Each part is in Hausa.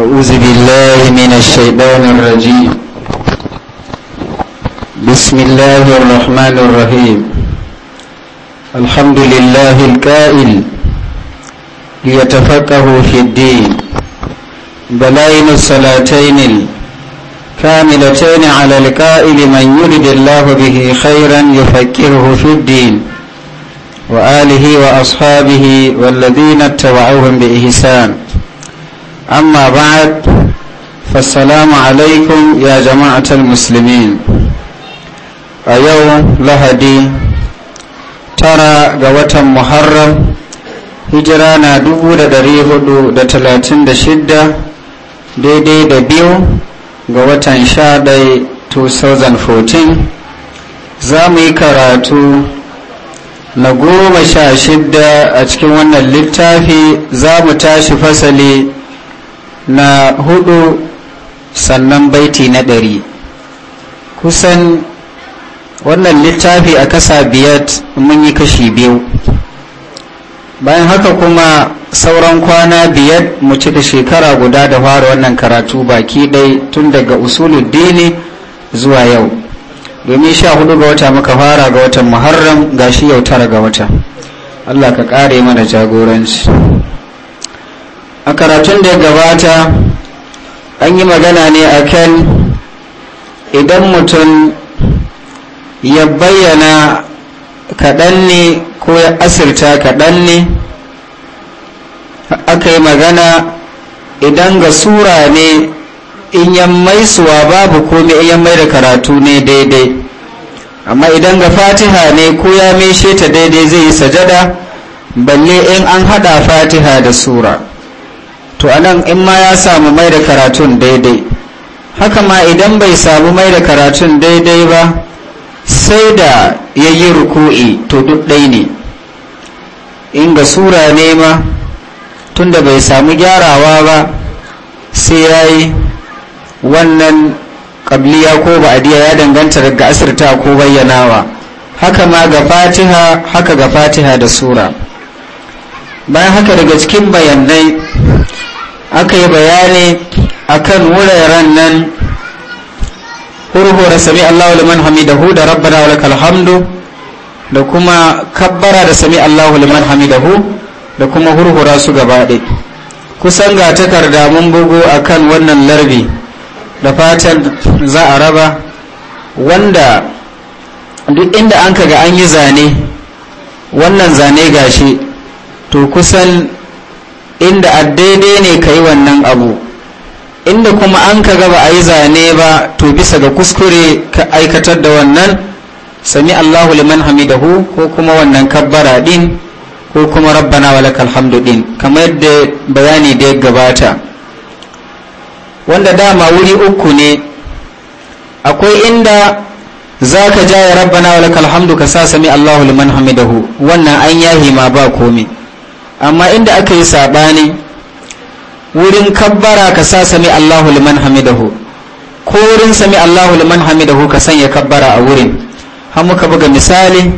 أعوذ بالله من الشيطان الرجيم بسم الله الرحمن الرحيم الحمد لله الكائل ليتفقه في الدين بلاين الصلاتين الكاملتين على الكائل من يرد الله به خيرا يفكره في الدين وآله وأصحابه والذين اتبعوهم بإحسان أما بعد فالسلام عليكم يا جماعة A yau Lahadi, tara ga watan muharram hijira na dubu da dari hudu da talatin da shidda daidai da biyu ga watan sha ɗai 2014 za mu yi karatu na goma sha shidda a cikin wannan littafi za mu tashi fasali na hudu sannan baiti na ɗari kusan wannan littafi a kasa biyat mun yi kashi biyu bayan haka kuma sauran kwana biyar mu cika shekara guda da fara wannan karatu baki ɗai tun daga usulun dini zuwa yau domin sha hudu ga wata muka fara ga watan muharram gashi yau tara ga wata allah ka ƙare mana jagoranci karatun da gabata an yi magana ne a akan idan mutum ya bayyana kaɗan ne ko ya asirta kaɗan ne aka yi magana idan ga sura ne in yan suwa babu komai in yan mai da karatu ne daidai amma idan ga fatiha ne ko ya mishe ta daidai zai yi sajada balle in an hada fatiha da sura to anan in ma ya samu mai da karatun daidai haka ma idan bai samu mai da karatun daidai ba sai da ya yi ruku'i to duk ɗai ne in ga sura ne ma tunda bai samu gyarawa ba sai ya yi wannan ƙabliya ko ba'adiyya ya danganta daga asirta ko bayyanawa haka ma ga fatiha haka ga fatiha da sura bayan haka daga cikin bayanai aka yi bayani kan wuraren nan hurhura sami Allahu liman hamidahu da rabbana wa lakal hamdu da kuma kabbara da sami Allahu liman hamidahu da kuma hurhura su gaba kusan ga takarda mun bugu kan wannan larbi da fatan za a raba wanda duk inda an ga an yi zane wannan zane gashi to kusan inda a daidai ne ka yi wannan abu inda kuma an ka gaba a yi zane ba to bisa ga kuskure ka aikatar da wannan sami allahu liman hamidahu ko kuma wannan kabbara din ko kuma rabbana walakal hamdu din kamar yadda bayani da ya gabata wanda dama wuri uku ne akwai inda za ka jaya rabbana walakal hamdu ka sa sami allahu liman hamidahu wannan an yahi ma ba komai amma inda aka yi saɓani wurin kabbara ka sa sami Allahu liman hamidahu ko wurin sami Allahu liman hamidahu ka sanya kabbara a wurin har muka buga misali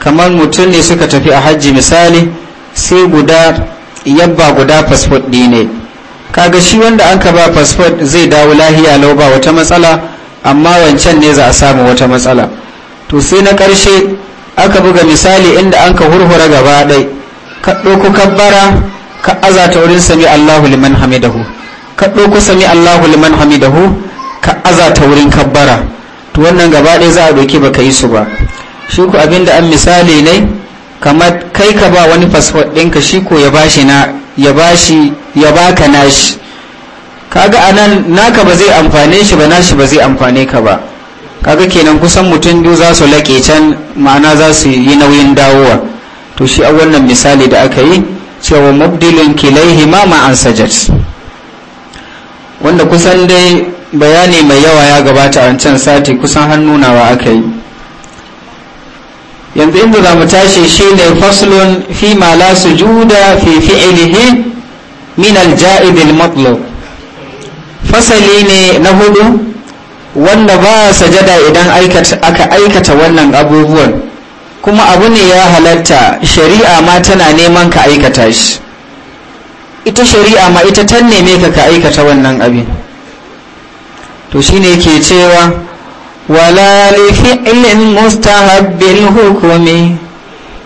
kamar mutum ne suka tafi a hajji misali sai guda yabba guda fasfot ɗi ne kaga shi wanda an ka ba fasfot zai dawo lahiya lau ba wata matsala amma wancan ne za a samu wata matsala to sai na ƙarshe aka buga misali inda an ka hurhura gaba ɗai ka ɗauko kabbara ka azata wurin sami Allahu liman hamidahu ka ɗauko sami Allahu liman hamidahu ka azata wurin kabbara to wannan gaba ɗaya za a ɗauki baka yi su ba shi ku abinda an misali ne kamar kai ka ba wani fasfot ɗinka shi ko ya bashi na ya bashi ya baka nashi kaga anan naka ba zai amfane shi ba nashi ba zai amfane ka ba kaga kenan kusan mutum biyu za su laƙe can ma'ana za su yi nauyin dawowa to shi a wannan misali da aka yi cewa mabdilin kilaihi ma ma'an sajad wanda kusan dai bayani mai yawa ya gabata a can sati kusan hannunawa aka yi yanzu inda za mu tashi shi ne faslun fi ma la sujuda fi fi'ilihi min al al fasali ne na hudu wanda ba sajada idan aka aikata wannan abubuwan kuma abu ne ya halatta shari'a ma tana neman ka aikata shi ita shari'a ma ita ta neme ka ka aikata wannan abin to shine ke cewa wala li fi'lin mustahabbil hukumi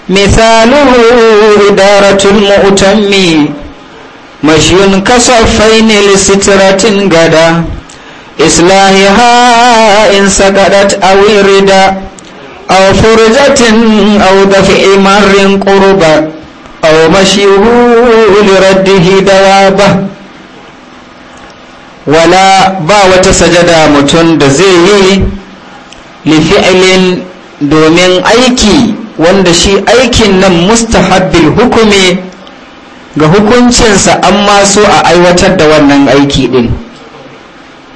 misaluhu idaratul mu'tammi mashyun kasafain lisitratin gada islahiha in saqadat aw irida أو فرجة أو دفع مر قربا أو مشيه لرده دوابه wala ba wata sajada mutum da zai yi lifi'ilin domin aiki wanda shi aikin nan mustahabbil hukumi ga hukuncinsa an su a aiwatar da wannan aiki din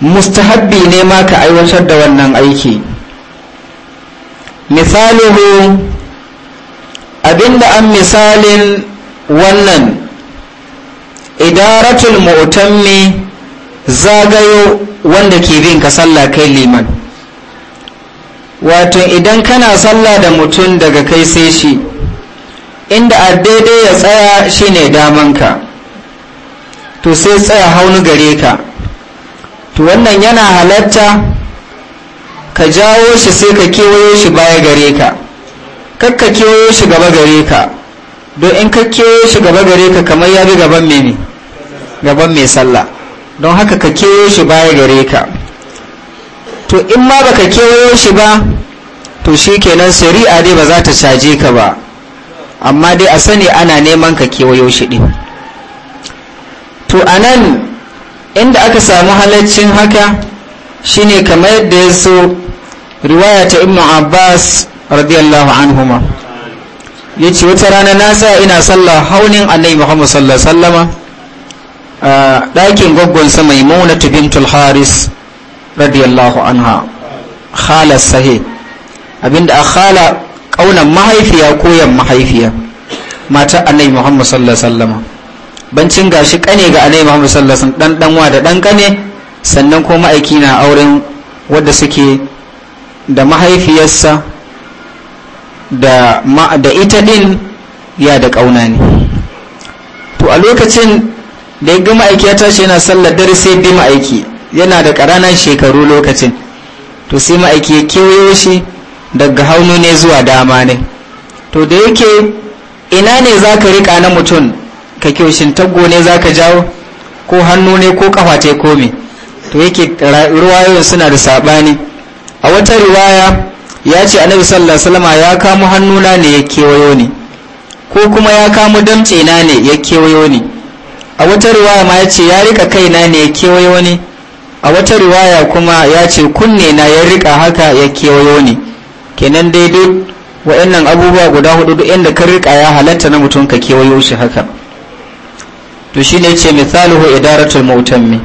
mustahabbi ne ma ka aiwatar da wannan aiki misaluhu abinda an misalin wannan idaratul mu'tammi zagayo wanda ke bin ka sallah kai liman wato idan kana sallah da mutum daga kai sai shi inda a daidai ya tsaya shine damanka to sai tsaya haunu gare ka to wannan yana halatta ka jawo shi sai ka kewayo shi baya gare ka kakka kewayo shi gaba gare ka don in ka kewayo shi gaba gare ka kamar ya bi gaban mai gaban mai sallah don haka ka kewayo shi baya gare ka to in ma baka kewayo shi ba to shi kenan shari'a dai ba za ta caje ka ba amma dai a sani ana neman ka kewayo shi din to anan inda aka samu halaccin haka shine kamar yadda ya so riwaya ta ibnu abbas radiyallahu anhuma ya ce wata rana na tsaya ina sallah haunin annabi muhammad sallallahu sallama a ɗakin gwaggonsa mai mauna bintul haris radiyallahu anha khala sahi abinda a khala ƙaunar mahaifiya koyan mahaifiya mata annabi muhammad sallallahu sallama bancin gashi kane ga annabi muhammad sallallahu sallam dan danwa da dan kane sannan kuma aiki na auren wadda suke da mahaifiyarsa da ita din ya da ƙauna ne to a lokacin da ya gama aiki ya tashi yana sallar dare sai bi ma'aiki yana da ƙaranan shekaru lokacin to sai ma'aiki ya kewayo shi daga haunu ne zuwa dama ne to da yake ina ne za ka riƙa na mutum ka kyoshin taggo ne za ka jawo ko hannu ne ko kafa ta ko me to yake ruwayoyin suna da saɓani a wata riwaya ya ce annabi sallallahu alaihi wasallam ya kamo hannuna ne ya kewayo ni ko kuma ya kamo damtse na ne ya kewayo ni a wata riwaya ma ya ce ya rika kaina ne ya kewayo ni a wata riwaya kuma ya ce kunne na ya rika haka ya kewayo ni kenan dai duk wa'annan abubuwa guda hudu duk inda ka rika ya halatta na mutum ka kewayo shi haka to shine ce misaluhu idaratul mutammi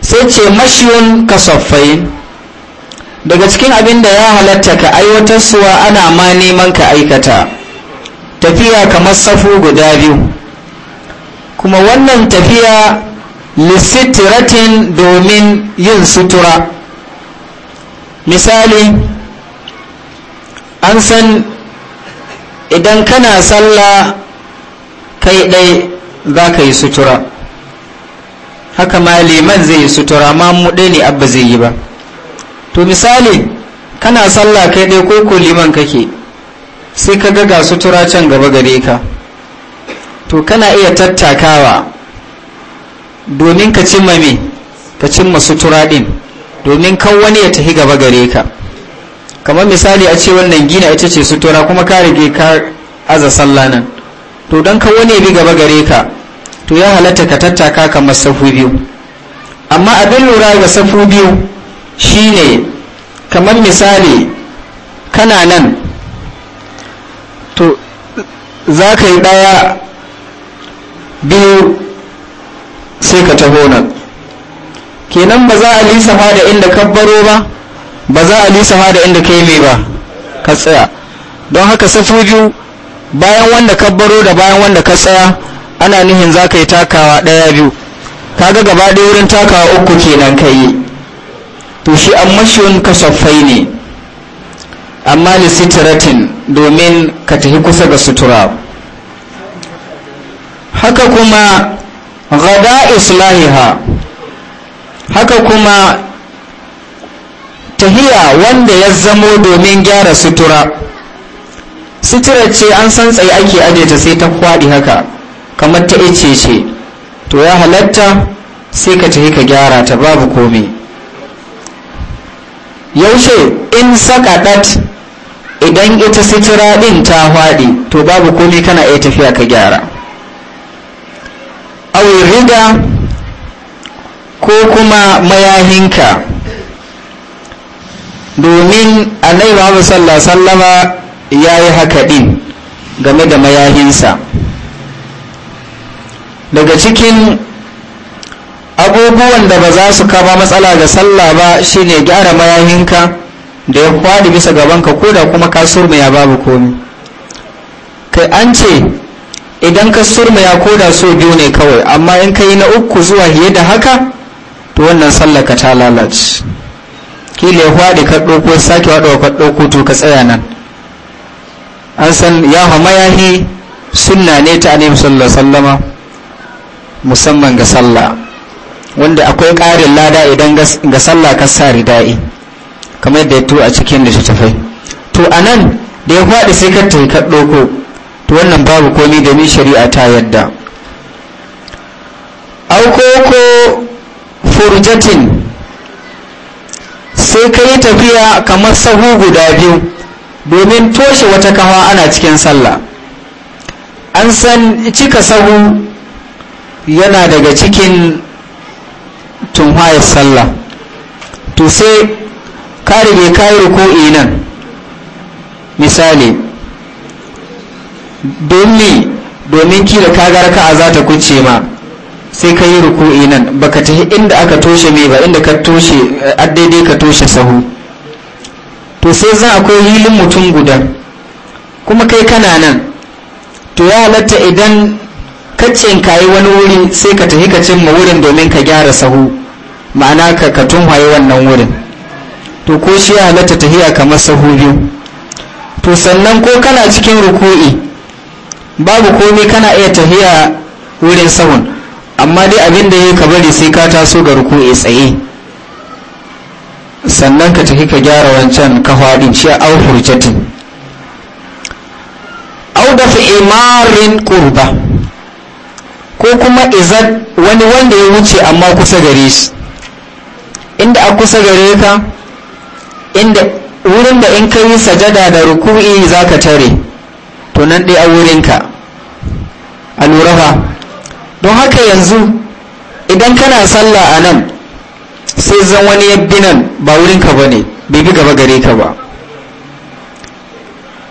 sai ce mashiyun kasaffain daga cikin abin da ya halatta ka aiwatar suwa ana ma neman ka aikata tafiya kamar safu guda biyu kuma wannan tafiya lissitiratin domin yin sutura misali an san idan kana sallah kai ɗai za ka yi sutura haka ma liman zai yi sutura ma mu ɗai ne abba zai yi ba to misali kana sallah kai dai ko ko kake sai ka ga sutura can gaba gare ka to kana iya tattakawa domin ka cimma me ka cimma sutura din domin kan wani ya tafi gaba gare ka kamar misali a ce wannan gina ita ce sutura kuma ka rige ka aza sallah nan to don kan wani ya bi gaba gare ka to ya halatta ka tattaka kamar safu biyu amma abin lura ga safu biyu shine kamar misali kana nan to za ka yi ɗaya biyu sai ka taho nan kenan ba za a lisafa da inda ka baro ba ba za a lisafa da inda ka yi mai ba ka tsaya don haka safuju bayan wanda ka baro da bayan wanda ka tsaya ana nihin za ka yi takawa ɗaya biyu kaga gaba ɗaya wurin takawa uku kenan ka yi to shi an mashin kasaffai ne amma sitiratin domin ka tafi kusa ga sutura haka kuma gada islahiha haka kuma tahiya wanda ya zamo domin gyara sutura sutura ce an san tsaye ake ta sai ta kwaɗi haka kamar ta ice ce to ya halatta sai ka tafi ka gyara ta babu komai yaushe in sakadat idan ita sitira din ta haɗi to babu komai kana iya tafiya ka gyara awai riga ko kuma mayahinka domin annabi Muhammad sallallahu alaihi wasallama yayi haka din game da mayahinsa daga cikin abubuwan da ba za su kama matsala ga sallah ba shine gyara mayahinka da ya kwaɗi bisa gabanka ko da kuma ka surmaya babu komi kai an ce idan ka surmaya ko da so biyu ne kawai amma in ka yi na uku zuwa fiye da haka to wannan sallah ka ta lalace kila ya kwaɗi ka ɗauko sake waɗawa ka ɗauko to ka tsaya nan an san yawa mayahi sunna ne ta musamman ga sallah wanda akwai ƙarin lada idan ga sallah ka sa rida'i kamar yadda ya to a cikin littattafai to a nan da ya faɗi sai ka tafi ka ɗauko to wannan babu komi ni shari'a ta yadda aukoko furjatin sai ka yi tafiya kamar sahu guda biyu domin toshe wata kawa ana cikin sallah an san cika sahu yana daga cikin tun sallah to sai ka rige ka yi ruku'i nan misali domin domin kila ka ga raka'a za ta kuce ma sai ka yi ruku'i nan baka tafi inda aka toshe mai ba inda ka toshe eh, a daidai ka toshe sahu to sai za akwai hilin mutum guda kuma kai kana nan to ya halatta idan ka kayi wani wuri sai ka tafi ka cimma wurin domin ka gyara sahu ma'ana ka ka tunwaye wannan wurin to ko shi halatta tahiya kamar sahu biyu to sannan ko kana cikin ruku'i babu komai kana iya tahiya wurin sahun amma dai abin da ya ka bari sai ka taso ga ruku'i tsaye sannan ka tafi ka gyara wancan ka faɗin shi au hurjatin au da fi imarin kurba ko kuma izad wani wanda ya wuce amma kusa gare shi inda a kusa gare ka inda wurin da in kai sajada da ruku'i za ka tare to nan dai a wurinka a lura fa don haka yanzu idan kana sallah a nan sai zan wani yabbi nan ba wurinka ba ne bai bi gaba gare ka ba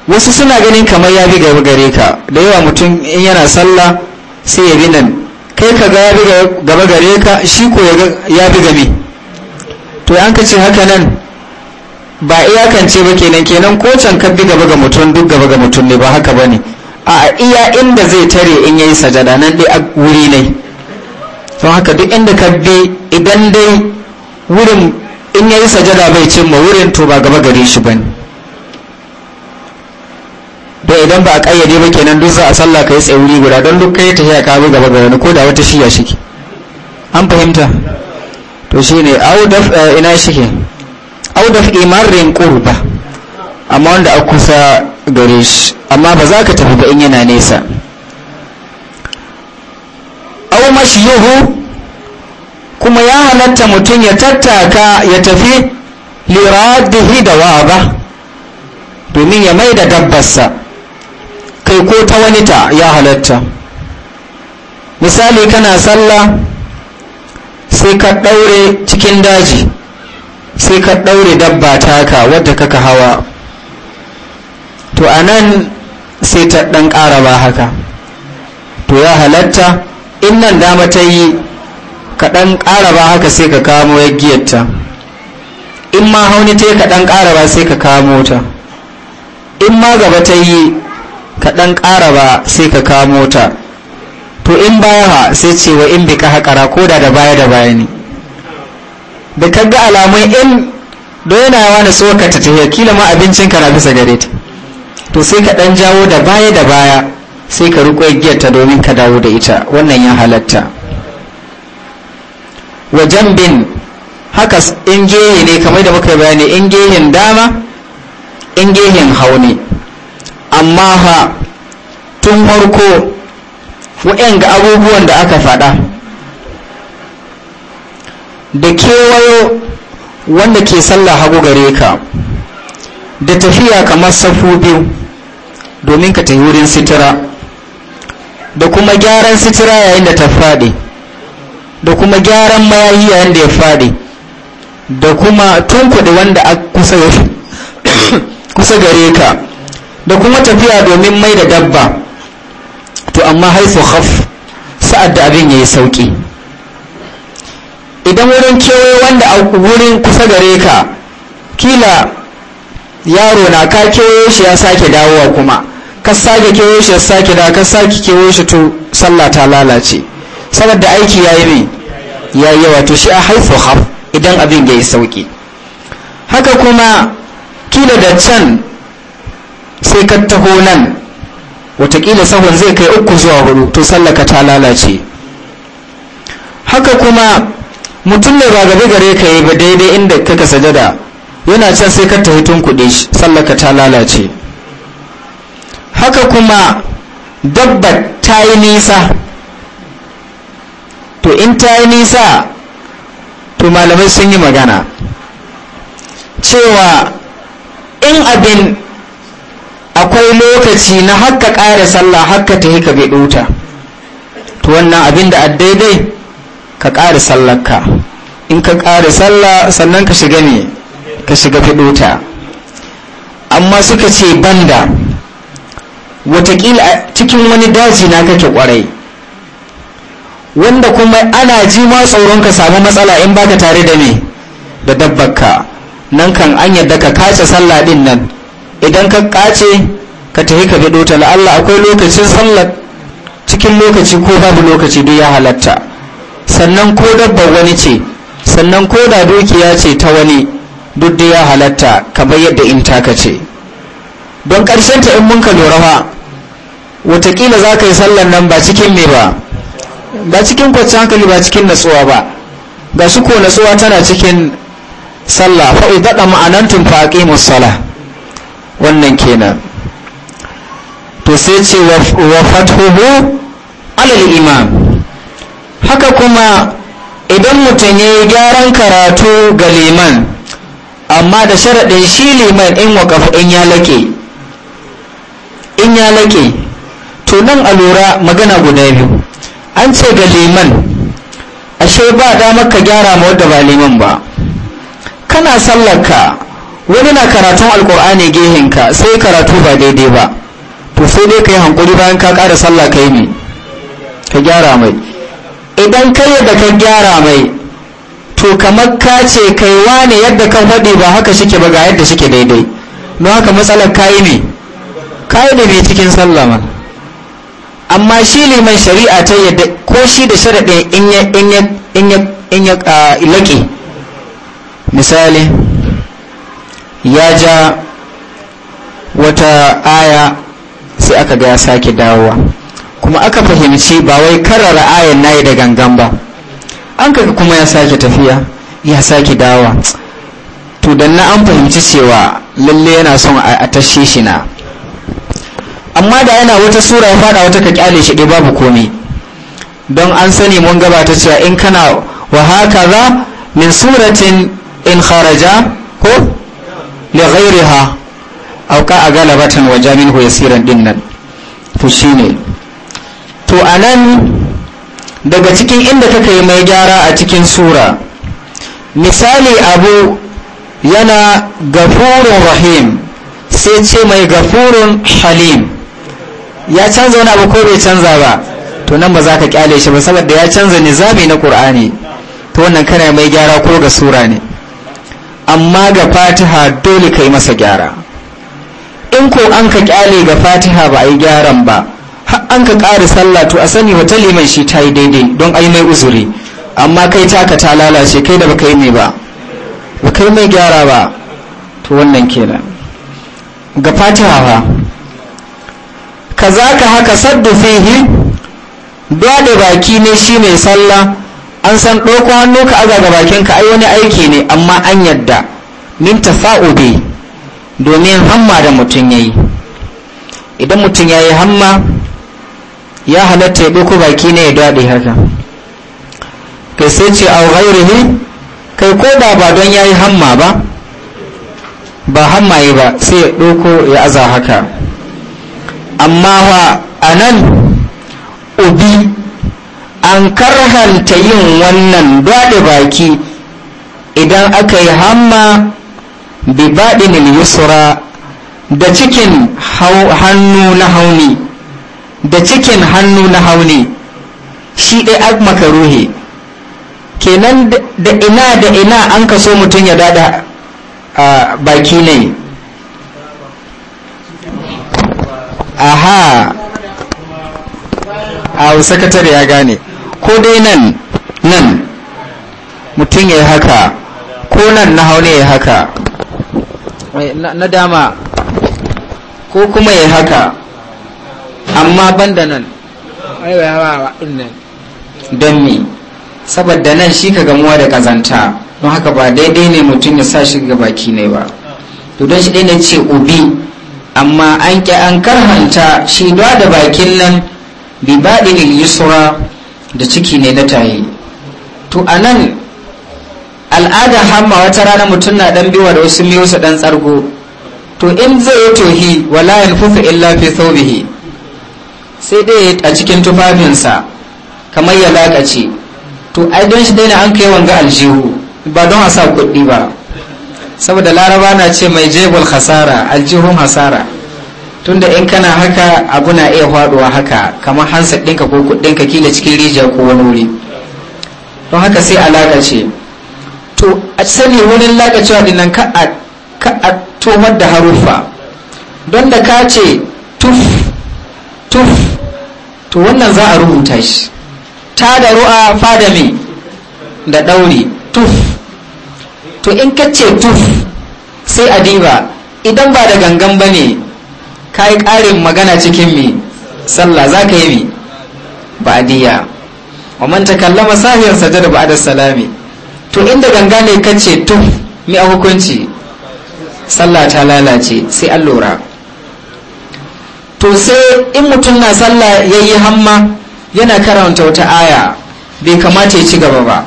wasu suna ganin kamar ya bi gaba gare ka da yawa mutum in yana sallah sai ya bi nan kai ka ga ya bi gaba gare ka shi ko ya bi gami to an ka ce haka nan ba iyakance ba kenan kenan ko can ka bi gaba ga mutum duk gaba ga mutum ne ba haka ba ne a iya inda zai tare in yayi sajada nan dai a wuri ne don haka duk inda ka bi idan dai wurin in yayi sajada bai cimma wurin to ba gaba gare shi bane da idan ba a kayyade ba kenan duk za a sallah kai tsaye wuri guda don duk kai ta ka bi gaba ga wani ko da wata shiya shike an fahimta to shine audaf eh, ina shike audaf imarin qurba amma wanda a kusa gare shi amma ba za ka tafi ba in yana nesa au yahu kuma ya halatta mutum ya tattaka ya tafi liradihi da waba domin ya mai da dabbarsa kai ko ta wani ta ya halatta misali kana sallah sai ka ɗaure cikin daji sai ka ɗaure dabba taka wadda kaka hawa to a nan sai ta ɗan ƙara ba haka to ya halatta in nan dama ta yi ka ɗan ƙara ba haka sai ka kamo yaggiyarta in ma hauni ta yi ka ɗan ƙara ba sai ka kamo ta in ma gaba ta yi ka ɗan ƙara ba sai ka kamo ta to in baya ha sai ce wa in bika haƙara ko da da baya da baya ne da ka ga alamai in yana yawa na so ka ta tafiya kila ma abincin ka na bisa gare ta to sai ka ɗan jawo da baya da baya sai ka riƙo igiyar ta domin ka dawo da ita wannan ya halatta wa jambin haka in gehe ne kamar da muka bayani in gehen dama in gehen hauni amma tun farko wa'yan ga abubuwan da aka faɗa da kewayo wanda ke sallah hagu gare ka da tafiya kamar safu biyu domin ka tafi wurin sitira da kuma gyaran sitira yayin da ta faɗi da kuma gyaran mayayi yayin da ya faɗi da kuma tunkuɗe wanda a kusa gare ka da kuma tafiya domin mai da dabba to amma haifu khaf sa'ad da abin ya yi sauƙi idan wurin kewaye wanda a wurin kusa gare ka kila yaro na ka kewaye shi ya sake dawowa kuma ka sake kewaye shi ya sake dawowa ka sake kewaye shi to sallah ta lalace saboda aiki ya yi ne ya yi yawa to shi a haifu haf idan abin ya yi sauƙi haka kuma kila da can sai ka taho nan watakila sahun zai kai uku zuwa hudu to sallaka ta lalace haka kuma mutum ne ba gabe gare ka yi ba daidai inda kaka sajada yana can sai ka tafi tun kuɗi sallaka ta lalace haka kuma dabba ta yi nisa to in ta yi nisa to malamai sun yi magana cewa in abin akwai lokaci na hakka ƙara sallah hakka ta ka bai ɗota to wannan abin da daidai ka ƙara sallarka in ka ƙara sallah sannan ka shiga ne ka shiga fi fiɗota amma suka ce banda watakila cikin wani daji na kake kwarai wanda kuma ana ji ma tsoron ka samu matsala in baka tare da ni da dabbarka nan kan an yadda ka kace sallah din nan idan ka kace ka tafi ka gado ta la'alla akwai lokacin sallar cikin lokaci ko babu lokaci duk ya halatta sannan ko dabba wani ce sannan ko da dukiya ce ta wani duk da ya halatta kamar yadda in taka ce don ƙarshen ta in mun ka lura fa watakila za ka yi sallar nan ba cikin me ba ba cikin kwacce hankali ba cikin natsuwa ba ga su ko natsuwa tana cikin sallah fa'i daɗa ma'anantun faƙi musala wannan kenan to sai ce wa fathuhu alal imam haka kuma idan mutum ya yi gyaran karatu ga liman amma da sharaɗin shi liman in waƙafa in ya lake in ya laƙe to nan a lura magana guda biyu an ce ga liman ashe ba damar ka gyara ma wadda ba liman ba kana sallar ka. wani na karatun alkur'ani gehenka sai karatu ba daidai ba to sai dai ka yi hankuri bayan ka ƙara sallah ka yi ne ka gyara mai idan ka yadda ka gyara mai to kamar ka ce kai wane yadda kan faɗi ba haka shike ba ga yadda shike daidai no haka matsalar ka yi ne ka yi da mai cikin sallah ma amma shi liman shari'a ta yadda ko shi da sharaɗin in ya ah, laƙe misali ya ja wata aya sai aka ga ya sake dawowa kuma aka fahimci ba wai karara ayan yi da gangan ba an kaga kuma ya sake tafiya ya sake dawowa to dan na an fahimci cewa lalle yana son a tashe shi na amma da yana wata sura ya fada wata ka kyale shi dai babu komai don an sani mun gabata cewa in kana wa haka za min suratin in kharaja ko li ghairiha aw ka galabatan wa jaminhu yasiran din nan to shine to anan daga cikin inda take yi mai gyara a cikin sura misali abu yana gafurun rahim sai ce mai gafurun halim ya canza wani abu ko bai canza ba to nan ba za ka kyale shi ba saboda ya canza nizami na ƙur'ani to wannan kana mai gyara ko ga sura ne amma ga fatiha dole kai masa gyara in ko an ka kyale ga fatiha ba a yi gyaran ba an ka ƙari sallah to a sani wata liman shi ta yi daidai don ai mai uzuri amma kai taka ta lalace kai da baka yi mai ba baka yi mai gyara ba to wannan kenan ga fatiha ba ka za ka haka saddu fihi dole baki ne shi mai sallah an san ɗauko hannu ka aza ga bakin ka ai wani aiki ne amma an yadda min tafa'ubi domin hamma da mutum ya yi idan mutum ya yi hamma ya halatta ya ɗauko baki ne ya daɗe haka kai sai ce a ghairihi kai ko da ba don yi hamma ba ba hamma yi ba sai ya ɗauko ya aza haka amma wa nan ubi an karhanta yin wannan daɗe baki idan aka yi hamma bi yusra da cikin hannu na hauni da cikin hannu na hauni shi ɗai ak makaruhi kenan da ina da ina an kaso mutum ya dada baki ne aha a sakatare ya gane ko dai nan nan mutum ya yi haka ko nan na haune ya haka na dama ko kuma ya haka amma ban da nan don me saboda nan shi ka gamuwa da kazanta don haka ba daidai ne mutum ya sa shi ga baki ne ba to don shi ne ce ubi amma an ƙi an karhanta shi da bakin nan bi baɗin yusra da ciki ne na tayi to a nan al'adar hamma wata rana mutum na dan biwa da wasu miyosa dan tsargo to in zai yi tohi wala yanfufu illa fi saubihi sai dai a cikin tufafinsa kamar ya lakace to ai don shi daina an kai wanga aljihu ba don a sa kuɗi ba saboda laraba na ce mai jebul hasara aljihun hasara tunda in kana haka abu na iya faduwa haka kamar hansa ɗinka ko kuɗinka kila cikin rijiya ko wani wuri don haka sai alaka ce to a sani wurin lagacewa nan ka a tomar da haruffa don da ka ce tuf tuf to wannan za a rubuta shi ta da ru'a fada da ɗauri tuf to in ka ce tuf sai a diba idan ba da gangan ba ne ka yi ƙarin magana cikin mi sallah za ka yi a diya wa man takallama sahiyar sajada ba'da salami to inda ganga ne kace to mi a hukunci sallah ta lalace sai an lura to sai in mutum na sallah ya yi hamma yana karanta wata aya bai kamata ya ci gaba ba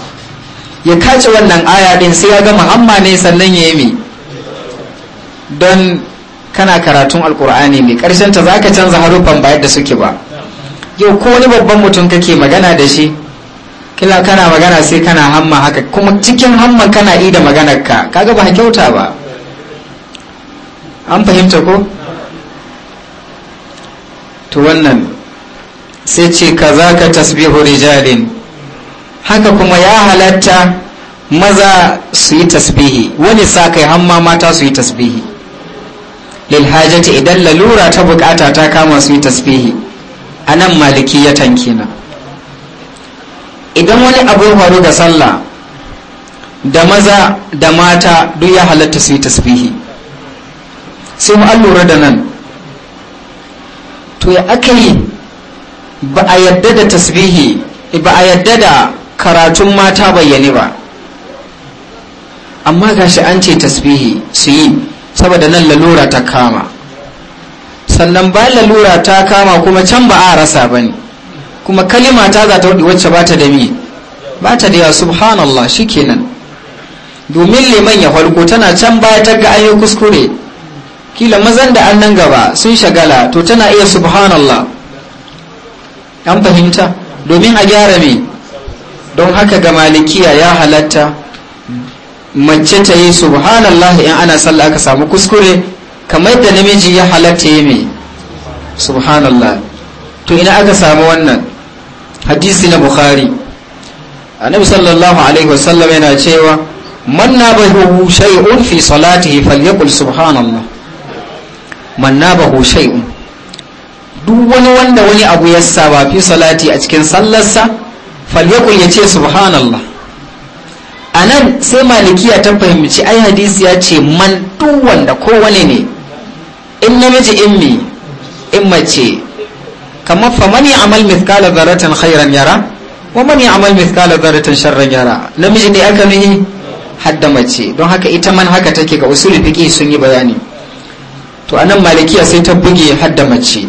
ya kace wannan aya din sai ya gama hamma ne sannan ya yi mi don kana karatun alkur'ani ne karshen ta zaka canza harufan ba yadda suke ba yau ko wani babban mutum kake magana da shi kila kana magana sai kana hamma haka kuma cikin hamman kana yi da maganar ka kaga ba kyauta ba an fahimta ko to wannan sai ce ka ka tasbihu rijalin haka kuma ya halatta maza su yi tasbihi wani sa kai hamma mata su yi tasbihi lilhajati idan lalura ta bukata ta kama su yi tasbihi anan tanke na. idan wani abu ya faru ga sallah da maza da mata duk ya halatta su yi tasbihi sai mu lura da nan to ya aka yi ba a yadda da tasbihi ba a yadda da karatun mata bayyane ba amma gashi an ce tasbihi su yi saboda nan lalura ta kama sannan ba lalura ta kama kuma can ba a rasa ba ne kuma kalima ta za ta wadda wacce ba ta da mi ba ta da ya subhanallah shi kenan domin liman ya farko tana can baya ta ga an kuskure kila mazan da an nan gaba sun shagala to tana iya subhanallah an fahimta domin a gyara me don haka ga malikiya ya halatta mace ta yi subhanallah in ana sallah aka samu kuskure kamar da namiji ya halatta ya mai subhanallah to ina aka samu wannan hadisi na bukhari annabi sallallahu alaihi wasallam yana cewa man nabahu shay'un fi salatihi falyakul subhanallah man nabahu shay'un duk wani wanda wani abu ya saba fi salati a cikin sallarsa falyakul yace subhanallah a nan sai malikiya ta fahimci ai hadisi ya ce man duk wanda kowane ne in namiji in mi in mace kamar fa man amal mithqala dharatan khairan yara wa man amal mithqala dharatan sharran yara namiji ne aka mihi hadda mace don haka ita man haka take ga usuli fiqi sun yi bayani to anan malikiya sai ta buge hadda mace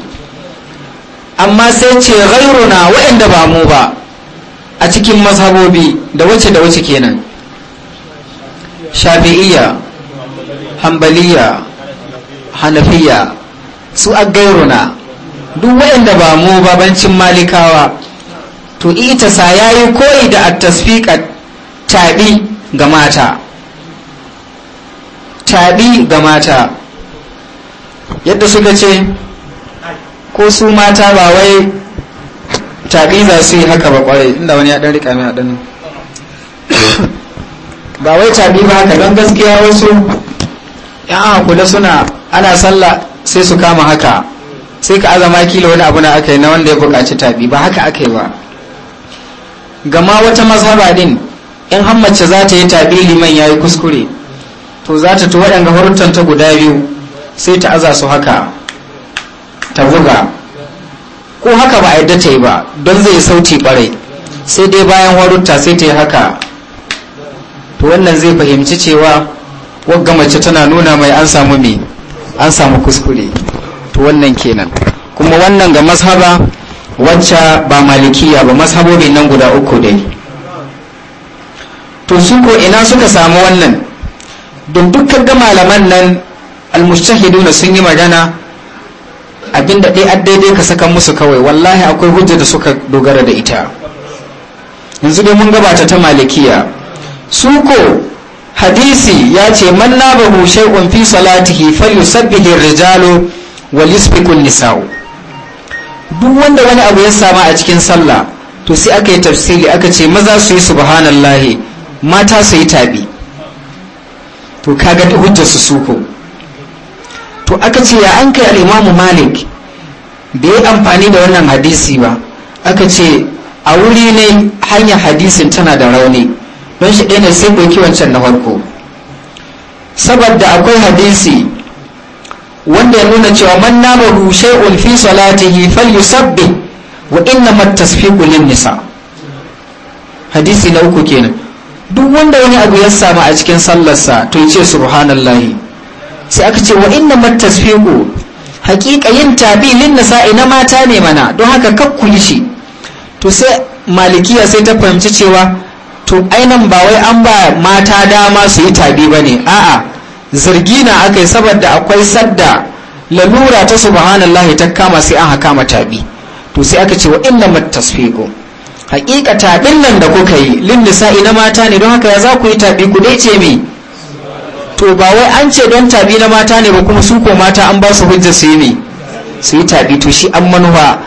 amma sai ce ghairuna waɗanda ba mu ba a cikin mazhabobi da wace da wace kenan shafi'iyya hambaliya hanafiya su a gairuna duk waɗanda ba mu babancin malikawa to ita sa ya yi koyi da attasfika taɓi ga mata taɓi ga mata yadda suka ce ko su mata ba wai taɓi za su yi haka ba kwarai inda wani ya ɗan riƙa mai a ɗanin ba wai cabi ba haka don gaskiya wasu yan an kula suna ana sallah sai su kama haka sai ka azama kila wani abu na aka yi na wanda ya buƙaci tabi ba haka aka yi ba gama wata mazhaba din in hammace za ta yi tabi liman ya yi kuskure to za ta tuwa waɗanda hurutun ta guda biyu sai ta aza su haka ta buga ko haka ba a yadda ta yi ba don zai sauti ɓarai sai dai bayan warutta sai ta yi haka to wannan zai fahimci cewa wagga mace tana nuna mai an samu mai an samu kuskure to wannan kenan kuma wannan ga mashaba wacce ba malikiya ba mashabobin nan guda uku dai to su ko ina suka samu wannan don dukkan ga malaman nan almustahiduna sun yi magana abinda dai daidai ka saka musu kawai wallahi akwai hujja da suka dogara da ita yanzu dai mun gabata ta malikiya su hadisi ya ce man ba shay'un fi salatihi falyusabbihi ar rijalo wa yusbiqu nisa'u duk wanda wani abu ya sama a cikin sallah to sai aka yi tafsiri aka ce maza su yi subhanallahi mata su yi tabi to kaga hujjar su suko to aka ce ya an kai al-imamu malik da ya amfani da wannan hadisi ba aka ce a wuri ne hanyar hadisin tana da rauni don shi ɗaya ne sai ɗauki wancan na farko saboda akwai hadisi wanda ya nuna cewa man nama shay'un fi salatihi falyusabbih wa innama tasfiqu lin nisa hadisi na uku kenan duk wanda wani abu ya samu a cikin sallarsa to ya ce subhanallahi sai aka ce wa innama tasfiqu hakika yin tabi lin nisa'i na mata ne mana don haka kakku kuli shi to sai malikiya sai ta fahimci cewa to ainihin ba wai an ba mata dama su yi tabi ba ne a'a zargi na aka yi saboda akwai sadda lalura ta subhanallahi ta kama sai an haka tabi to sai aka ce wa inna matasfiqu haƙiƙa tabin nan da kuka yi lin nisa'i na mata ne don haka ya za ku yi tabi ku dai ce me to ba wai an ce don tabi na mata ne ba kuma su ko mata an ba su hujja su yi me su yi tabi to shi an manuwa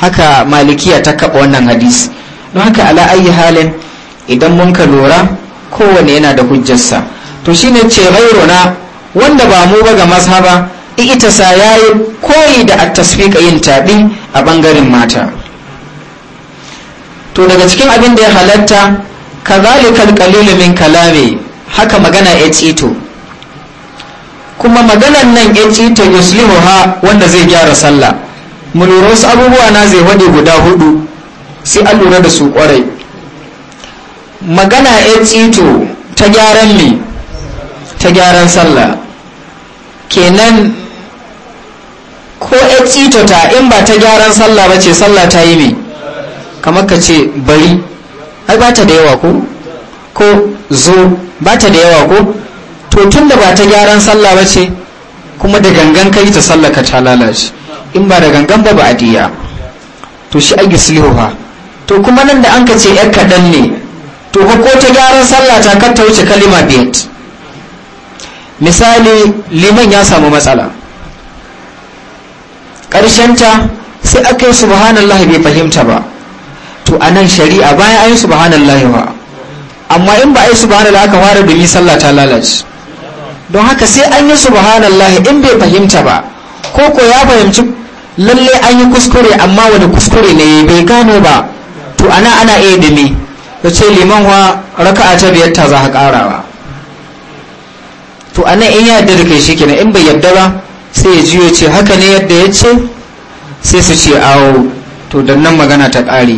haka malikiya ta kaɓa wannan hadisi don haka ala ayi halin idan mun ka lura kowane yana da hujjarsa to shine ce na wanda ba mu ba ga mazhaba ita sa yayi koyi da at-tasfiqa yin taɗi a ɓangaren mata to daga cikin abin da ya halatta kazalikal qalilu min kalami haka magana ya cito kuma maganan nan ya cito wanda zai gyara sallah mu lura wasu abubuwa na zai wade guda hudu sai an lura da su kwarai magana ya tsito ta gyaran ne ta gyaran sallah kenan ko ya tsito ta in ba ta gyaran sallah ba ce sallah ta yi me kamar ka ce bari ai ba ta da yawa ko ko zo ba ta da yawa ko to tun da ba ta gyaran sallah ba ce kuma da gangan kai ta sallaka ta lalace in ba da gangan ba ba a diya to shi agi sulhuha to kuma nan da an ka ce yar kaɗan ne to ko ta gyaran sallah ta kanta ta wuce kalima biyat misali liman ya samu matsala ta sai aka yi subhanallah bai fahimta ba to a nan shari'a bayan an yi subhanallah ba amma in ba a yi subhanallah aka fara dumi sallah ta lalace don haka sai an yi subhanallah in bai fahimta ba ko ko ya fahimci lalle an yi kuskure amma wani kuskure ne bai gano ba to ana ana iya dumi ya ce liman wa raka'a ta biyar ta za ka karawa to a nan in ya yarda da kai shi kenan in bai yadda ba sai ya jiyo ce haka ne yadda ya ce sai su ce awo to dan nan magana ta ƙare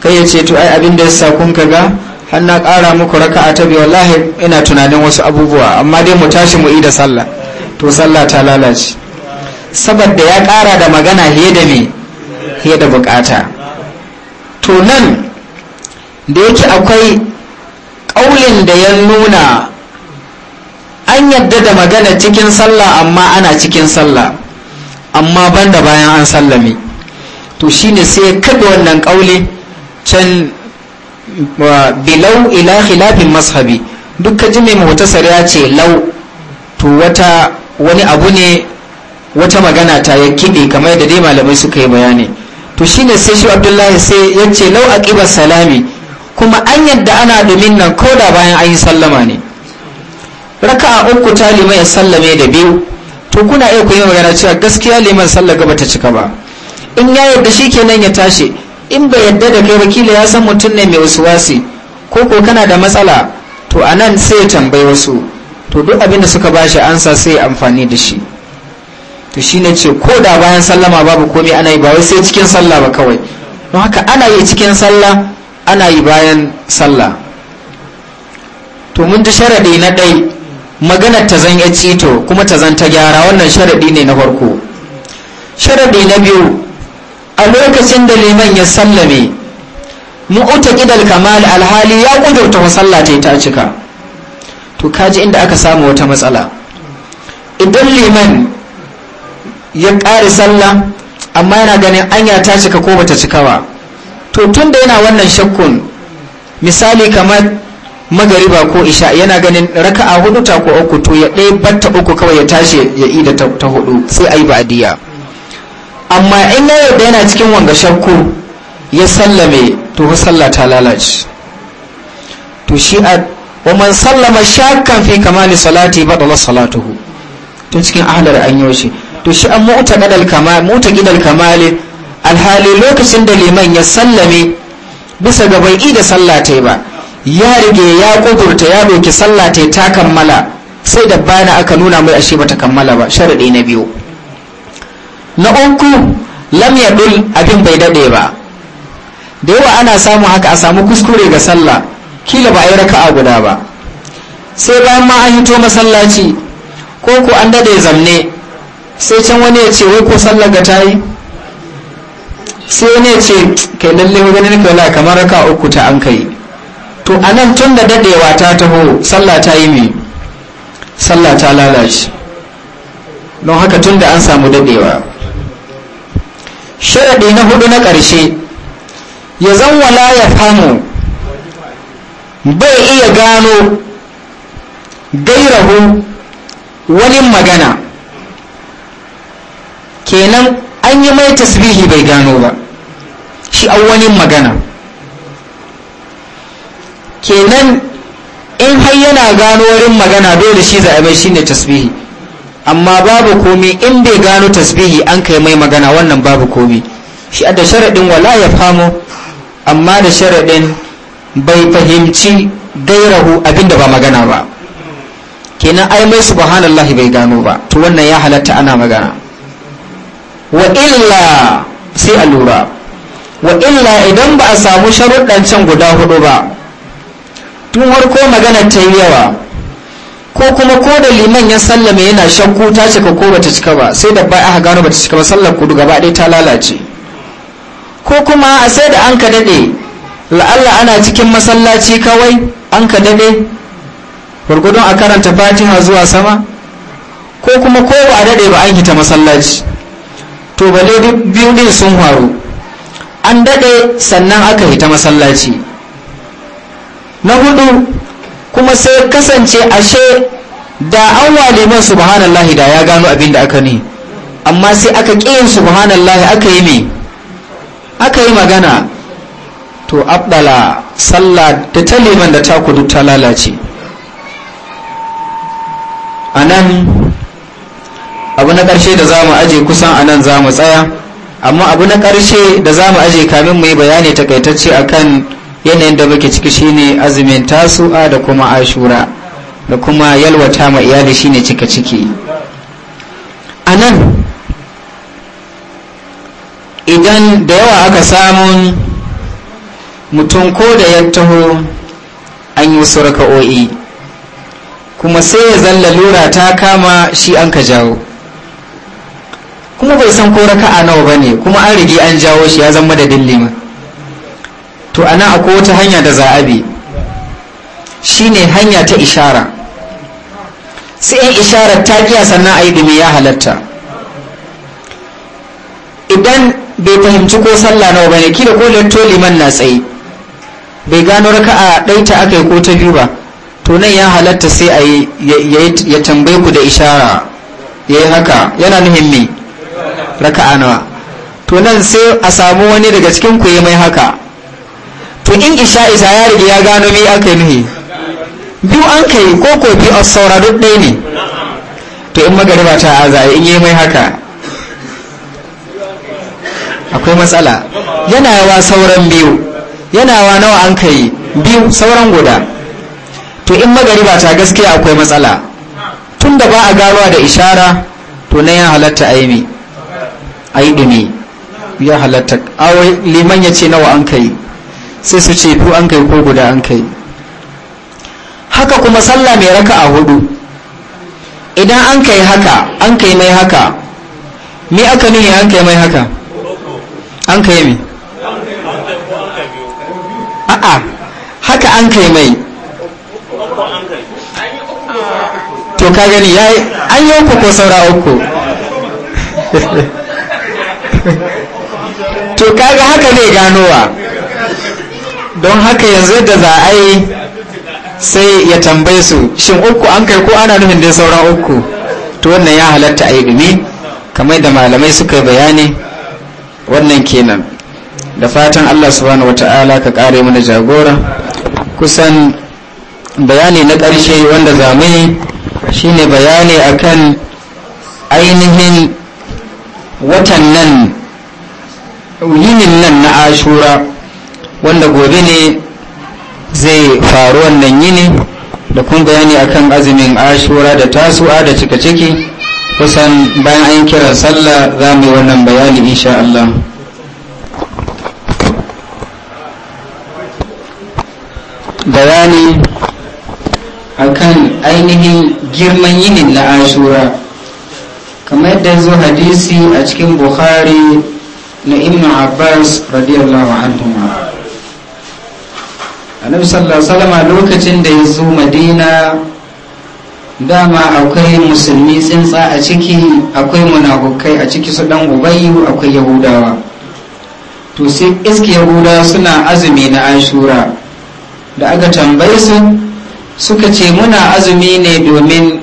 kai ya ce to ai abin da ya sa kun ka ga har na ƙara muku raka'a ta biyar wallahi ina tunanin wasu abubuwa amma dai mu tashi mu yi da sallah to sallah ta lalace saboda ya ƙara da magana fiye da me fiye da bukata to nan da yake akwai ƙaulin da ya nuna an yadda da magana cikin sallah amma ana cikin sallah amma banda bayan an sallame to shine sai ya wannan ƙauli can bilau ila khilafin mashabi duk ji mai mutasar ya ce lau to wata wani abu ne wata magana ta ya kiɗe kamar da dai malamai suka yi bayani to shine sai shi abdullahi sai ya ce lau a aqiba salami kuma an yadda ana dumin nan ko da bayan an yi sallama ne Raka a uku ta liman ya sallame da biyu to kuna iya ku yi magana cewa gaskiya liman sallar gaba ta cika ba in ya yadda shi kenan ya tashi in bai yadda da kai wakili ya san mutum ne mai wasu wasi ko ko kana da matsala to a nan sai ya tambayi wasu to duk abin da suka ba shi ansa sai ya amfani da shi to shi ne ce ko da bayan sallama babu komai ana yi ba wai sai cikin sallah ba kawai don haka ana yi cikin sallah ana yi bayan sallah to mun ji sharaɗi na ɗai maganar ta zan ya cito kuma ta zan ta gyara wannan sharaɗi ne na farko sharaɗi na biyu a lokacin da liman ya sallame mu'uta ƙidal kamal alhali ya kudurta wa sallah ta ta cika to kaji inda aka samu wata matsala idan liman ya ƙare sallah amma yana ganin anya ta cika ko bata cika ba to tun da yana wannan shakkun misali kamar magariba ko isha yana ganin raka'a hudu ta ko uku to ya ɗaya batta uku kawai ya tashi ya yi da ta hudu sai ayi ba'diya amma in na yarda yana cikin wanga shakku ya sallame to sallah ta lalace to shi a wa man sallama shakkan fi kamali salati dala salatuhu Tun cikin ahlar an shi to shi an mota gidal kamali alhali lokacin da liman ya sallame bisa ga bai da sallah ta ba ya rige ya kudurta ya doki sallah ta ta kammala sai da bana aka nuna mai ashe bata kammala ba sharadi na biyu na uku lam dul abin bai dade ba da yawa ana samu haka a samu kuskure ga sallah kila ba a yi raka'a guda ba sai bayan ma an hito masallaci ko ko an dade zamne sai can wani ya ce wai ko sallar ga tayi sai ne ce kai lalle wani ne kawai kamar raka uku ta an kai to a tun da dadewa ta taho sallah ta yi mai sallah ta lalace don haka tun da an samu dadewa sharadi na hudu na ƙarshe ya zan wala ya famu bai iya gano gairahu wani magana kenan an yi mai tasbihi bai gano ba shi awwalin magana kenan in har yana gano wurin magana dole shi za a mai shine tasbihi amma babu komi in bai gano tasbihi an kai mai magana wannan babu komi shi da sharaɗin wala ya famo amma da sharaɗin bai fahimci gairahu abinda ba magana ba kenan ai mai subhanallahi bai gano ba to wannan ya halatta ana magana wa illa sai a lura wa illa idan ba a samu sharuɗan can guda hudu ba tun harko magana ta yi yawa ko kuma ko da liman ya sallame yana shakku ta cika ko bata cika ba sai da bai aka gano bata cika ba sallar kudu gaba ɗaya ta lalace ko kuma a sai da an ka daɗe la'alla ana cikin masallaci kawai an ka daɗe gwargwadon a karanta fatiha zuwa sama ko kuma ko ba a daɗe ba an hita masallaci to bale biyu din sun faru an daɗe sannan aka hita masallaci na hudu kuma sai kasance ashe da an waliman subhanallahi da ya gano abin da aka ne amma sai aka ƙiyin subhanallahi aka yi ne aka yi magana to abdala sallah da taliman da ta kudu ta lalace a nan abu na ƙarshe da za mu aje kusan a nan za mu tsaya amma abu na ƙarshe da za mu aje kamin mu yi bayani takaitacce a kan yanayin da muke ciki shine azumin tasu'a da kuma ashura da kuma yalwata ma iyali shine cika ciki a nan idan da yawa aka samu mutum ko da ya taho an yi wasu raka'o'i kuma sai ya zalla lura ta kama shi an ka jawo kuma bai san ko raka'a nawa bane kuma an rige an jawo shi ya zama da dillima to ana akwai wata hanya da za'abi. shine hanya ta ishara sai in isharar ta kiya sannan a yi dumi ya halatta idan bai fahimci ko sallah nawa bane kila ko latto liman na tsaye bai gano raka'a ɗai ta aka yi ko ta biyu ba to nan ya halatta sai a yi ya tambaye ku da ishara ya yi haka yana nuhin raka'a nawa to nan sai a samu wani daga cikin ku mai haka to in isha isa ya rige ya gano me aka nuhi biyu an kai ko ko biyu a saura duk ɗaya ne to in magariba ta aza in yi mai haka akwai matsala yana yawa sauran biyu yana wa nawa an kai biyu sauran guda to in magariba ta gaskiya akwai matsala tun da ba a gano da ishara to na ya halatta aimi a yi ya halatta liman ya ce nawa an kai sai su ce biyu an kai ko guda an kai haka kuma sallah mai raka a hudu idan an kai haka an kai mai haka me aka nuni an kai mai haka an kai mai a'a haka an kai mai to ka gani ya yi an yi uku ko saura uku to kaga haka ne ganowa don haka yanzu da za a yi sai ya tambaye su shin uku an kai ko ana nufin dai sauran uku to wannan ya halatta a yi dumi kamar da malamai suka yi bayani wannan kenan da fatan allah subhanahu wata'ala ka kare mana jagora kusan bayani na ƙarshe wanda zamani shine bayani akan ainihin watan nan yinin nan na ashura wanda gobe ne zai faru wannan yini da kun bayani akan azumin ashura da tasuwa da cika ciki kusan bayan an kiran sallah za mu yi wannan bayani insha Allah bayani akan ainihin girman yinin na ashura kamar yadda zo hadisi a cikin bukhari na ibn abbas radiyallahu anhuma annabi sallallahu alaihi lokacin da ya zo madina dama akwai musulmi tsintsa a ciki akwai munafukai a ciki su dan ubayyu akwai yahudawa to sai iski yahudawa suna azumi na ashura da aka tambaye su suka ce muna azumi ne domin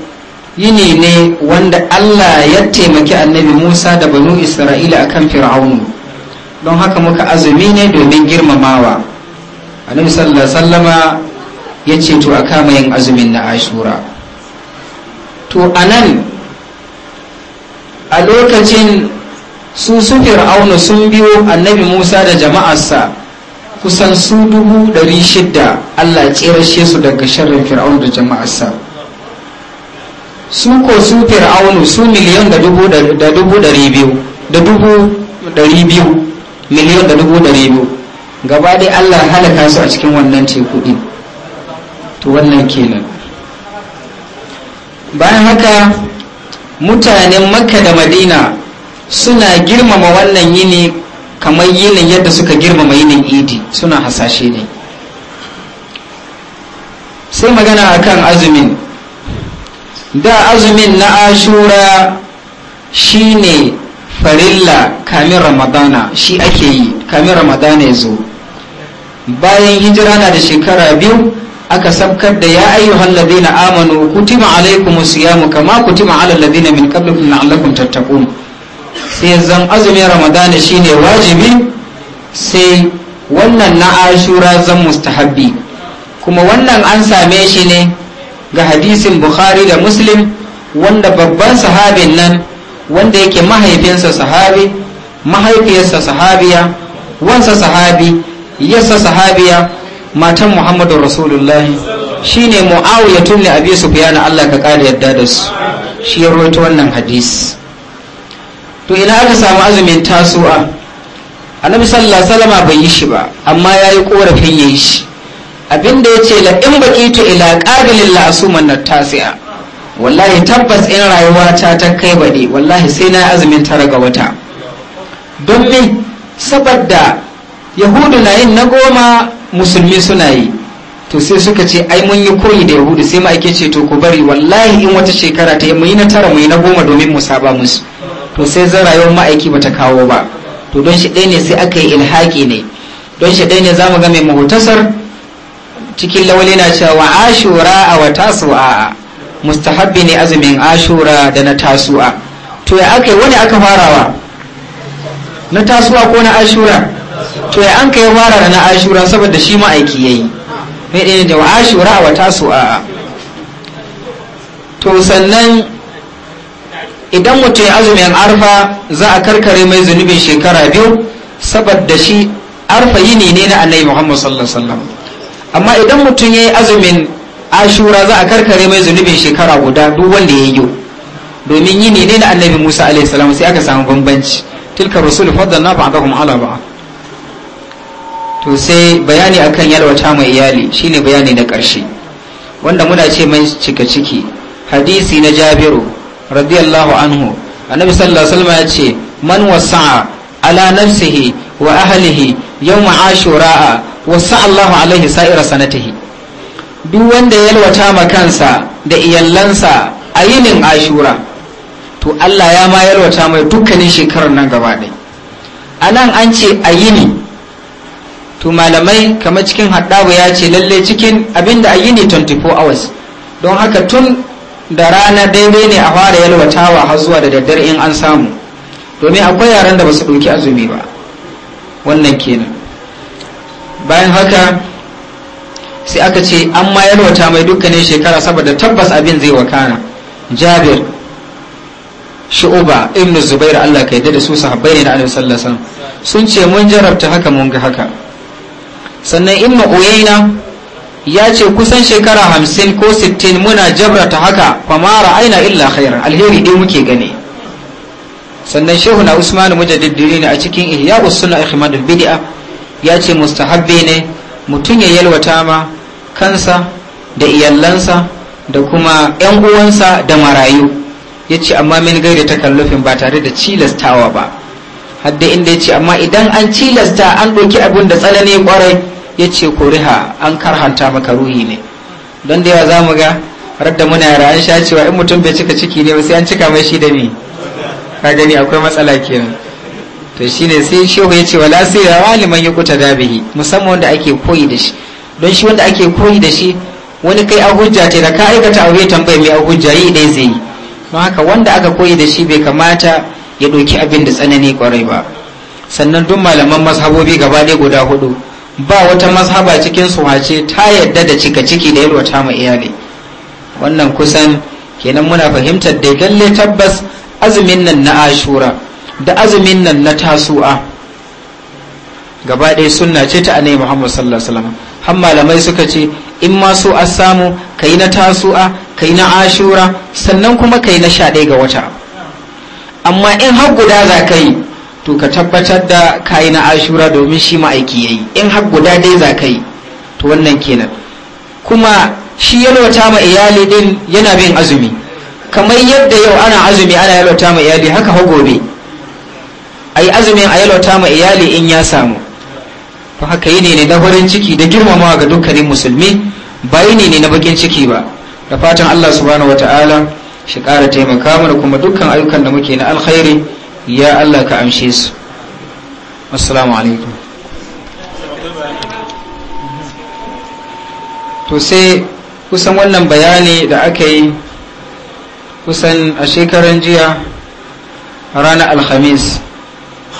yini ne wanda allah ya taimaki annabi musa da banu isra'ila akan fir'aunu don haka muka azumi ne domin girmamawa annabi sallallahu sallama ya ce to a kama yin azumin na ashura to a nan a lokacin su su fir'auna sun biyo annabi musa da jama'arsa kusan su dubu ɗari shidda allah tsirashe su daga sharrin fir'auna da jama'arsa su ko su fir'aunu su miliyan da dubu dari biyu miliyan da dubu da biyu gaba dai allah halaka su a cikin wannan teku din to wannan kenan bayan haka mutanen makka da madina suna girmama wannan yini kamar yinin yadda suka girmama yinin idi suna hasashe ne sai magana akan azumin da azumin na ashura shine farilla kamin ramadana shi ake yi kamin ramadana ya zo bayan hijira na da shekara biyu aka sabkar da ya ayyuhan ladina amanu kutima alaikum siyamu kama kutima alal ladina min qablikum la'allakum tattaqun sai zan azumin ramadana shine wajibi sai wannan na ashura zan mustahabbi kuma wannan an same shi ne ga hadisin bukhari da muslim wanda babban sahabin nan wanda yake mahaifinsa sahabi mahaifiyarsa sahabiya wansa sahabi yasa sahabiya matan muhammadu rasulullahi shine ya tulli abi na Allah ka kare yadda da su shi ya rawaito wannan hadis to ina aka samu azumin tasowa annabi sallallahu alaihi wasallam bai yi shi ba amma ya yayi korafin yi shi abinda ya ce la baƙi baqitu ila qabilin la asuman tasi'a wallahi tabbas in rayuwa ta ta kai baɗi wallahi sai na azumin tara ga wata don me saboda yahudu na yin na goma musulmi suna yi to sai suka ce ai mun yi koyi da yahudu sai ma ake ce to ku bari wallahi in wata shekara ta yi mu yi na tara mu yi na goma domin mu saba musu to sai zan rayuwar ma'aiki bata kawo ba to don shi ɗaya ne sai aka yi ilhaki ne don shi ɗaya ne za mu ga mai mahutasar cikin lawali na cewa ashura a wata a'a mustahabbi ne azumin ashura da na tasu'a to ya aka yi wani aka farawa na tasu'a ko na ashura to ya an kai fara da na ashura saboda shi ma'aiki yayi mai ɗaya da wa ashura wa tasu'a to sannan idan mutum ya azumin arfa za a karkare mai zunubin shekara biyu saboda shi arfa yini ne na annabi muhammad sallallahu alaihi wasallam amma idan mutum ya yi azumin ashura za a karkare mai zunubin shekara guda duk wanda ya yi domin yini ne na annabi musa alaihi sai aka samu bambanci tilka rasul faddalna ba'dahum ala ba'd to sai bayani akan yalwata mai iyali shine bayani na karshe wanda muna ce mai cika ciki hadisi na jabiru radiyallahu anhu annabi sallallahu alaihi ya ce man wasa'a ala nafsihi wa ahlihi yawma ashura'a Allahu alaihi sa'ira sanatihi duk wanda ya yalwata ma kansa da iyallansa a yinin ashura to Allah ya ma yalwata mai dukkanin shekarar nan gaba a nan an ce a yini to malamai kamar cikin haɗabu ya ce lalle cikin abinda a yini 24 hours don haka tun da rana daidai ne a fara yalwatawa har zuwa da daddare in an samu domin akwai yaren da ba su ɗauki azumi ba wannan kenan bayan haka sai aka ce an ma ta mai dukkanin shekara saboda tabbas abin zai wakana jabir shu'uba ibnu zubair Allah ka yadda da su sahabbai ne na annabi sallallahu alaihi wasallam sun ce mun jarabta haka mun ga haka sannan ibnu uyayna ya ce kusan shekara hamsin ko sittin muna jabrata haka famara aina illa khairan alheri dai muke gani. sannan shehu na usman mujaddid ne a cikin ihya sunna ihmadul bid'a ya ce mustahabbi ne mutum ya yalwata ma kansa da iyalansa da kuma 'yan uwansa da marayu ya ce amma min gaida takallufin ba tare da cilastawa ba hadda inda ya ce amma idan an cilasta an ɗauki abin da tsanani kwarai ya ce kuriha an karhanta maka ruhi ne don da yawa za mu ga radda muna yara an sha cewa in mutum bai cika ciki ne ba sai an cika mai shi da ni ka gani akwai matsala kenan to shine sai shehu ya ce wala sai rawa liman ya kuta dabihi musamman wanda ake koyi da shi don shi wanda ake koyi da shi wani kai a hujja ce da ka aikata aure tambayar mai a hujja yi dai zai yi don haka wanda aka koyi da shi bai kamata ya ɗauki abin da tsanani kwarai ba sannan duk malaman mazhabobi gaba ɗaya guda hudu ba wata mazhaba cikin su ta yadda da cika ciki da yalwata ma iyali wannan kusan kenan muna fahimtar da lalle tabbas azumin nan na ashura da azumin nan na tasu'a gaba ɗaya sunna ce ta annabi Muhammad sallallahu alaihi wasallam har malamai suka ce in ma so a samu kai na tasu'a kai na ashura sannan kuma kai na sha ga wata amma in har guda za ka yi to ka tabbatar da yi na ashura domin shi ma'aiki ya yi in har guda dai za ka yi to wannan kenan kuma shi yalwata ma iyali din yana bin azumi kamar yadda yau ana azumi ana yalwata ma iyali haka gobe a yi azumin a yalauta ma iyali in ya samu to haka yi ne na farin ciki da girmamawa ga dukkanin musulmi ba yi ne na bakin ciki ba da fatan allah subhanahu wataala shi kara taimaka mu da kuma dukkan ayyukan da muke na alkhairi ya allah ka amshe su assalamu alaikum to sai kusan wannan bayani da aka yi kusan a shekaran jiya ranar alhamis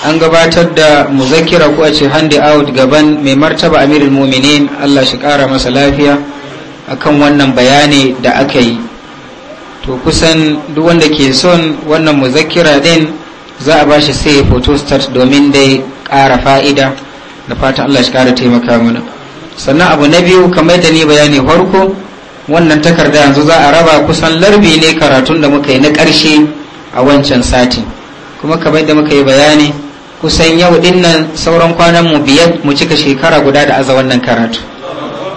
an gabatar da muzakira ko a ce handi out gaban mai martaba amirin muminin Allah shi kara masa lafiya akan wannan bayani da aka yi to kusan duk wanda ke son wannan muzakira din za a bashi sai photostat domin dai kara fa'ida da fatan Allah shi kara taimaka mana sannan abu na biyu kamar da ni bayani farko wannan takarda yanzu za a raba kusan larbi ne karatun da muka yi na ƙarshe a wancan sati kuma kamar da muka yi bayani kusan yau dinnan sauran kwanan mu biyar mu cika shekara guda da aza wannan karatu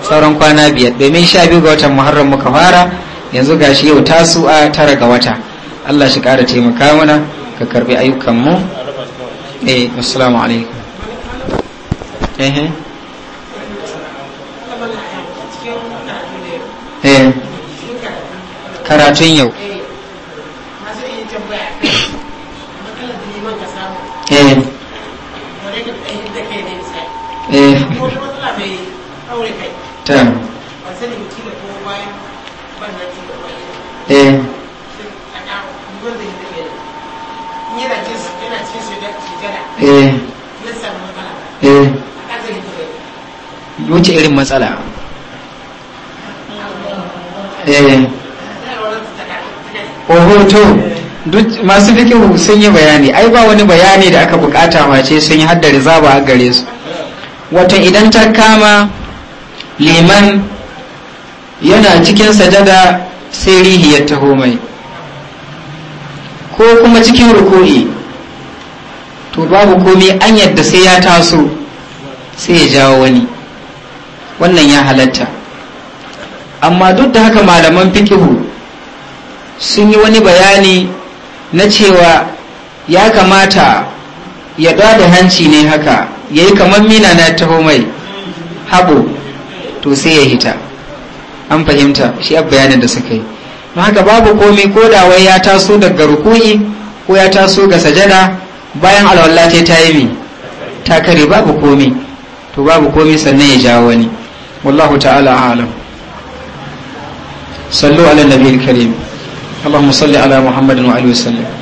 sauran kwana biyar domin sha biyu ga watan muharram muka fara yanzu gashi yau tasu a tara ga wata Allah shi kara taimaka mana ka karbi ayyukan mu eh assalamu alaikum eh eh karatun yau eh eh ta eh. Eh. eh wuce irin eh duk masu fikihu sun yi bayani ai ba wani bayani da aka bukata mace sun yi za ba a gare su wato idan ta kama liman yana cikin sajada sai rihi ya taho mai ko kuma cikin ruku'i to babu komai an yadda sai ya taso sai ya jawo wani wannan ya halatta amma duk da haka malaman fikihu sun yi wani bayani na cewa ya kamata ya ɗa da hanci ne haka ya yi kamar mina na taho mai haɓo to sai ya hita an fahimta shi a bayanin da suka yi don haka babu komai ko da wai ya taso daga ruku'i ko ya taso ga sajada bayan alwallah ta ta yi ta kare babu komai to babu komai sannan ya jawo wani wallahu ta'ala alam sallu ala nabiyil karim اللهم صل على محمد وعلى وسلم